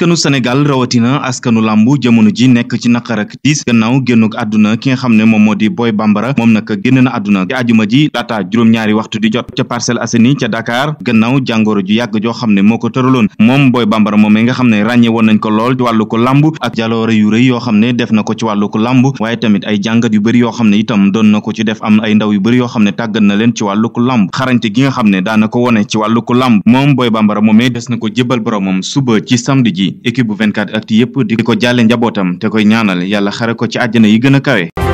askanu Sénégal rawatina askanu làmb jamono ji nekk ci naqar ak diis gannaaw génnuk àdduna ki nga xam ne moom moo di Boy Bambara moom nag génn na àdduna ci ajuma ji laata juróom-ñaari waxtu di jot ca Parcelles Assainies ca Dakar gannaaw jàngoro ju yàgg joo xam ne moo ko tëraloon moom Boy Bambara moomee nga xam ne ràññe woon nañ ko lool ci wàllu ko làmb ak jaloore yu rëy yoo xam ne def na ko ci wàllu ko làmb waaye tamit ay jàngat yu bëri yoo xam ne itam doon na ko ci def am ay ndaw bëri yoo xam ne tàggat na leen ci wàllu ko làmb xarañte nga xam ne daana ko wone ci wàllu ko làmb moom Boy des na ko jébal boromam suba ci samedi ji bi équipe bu 24 actu yépp di ko jàlle njabootam te koy ñaanal yàlla xare ko ci àjjana yi gën a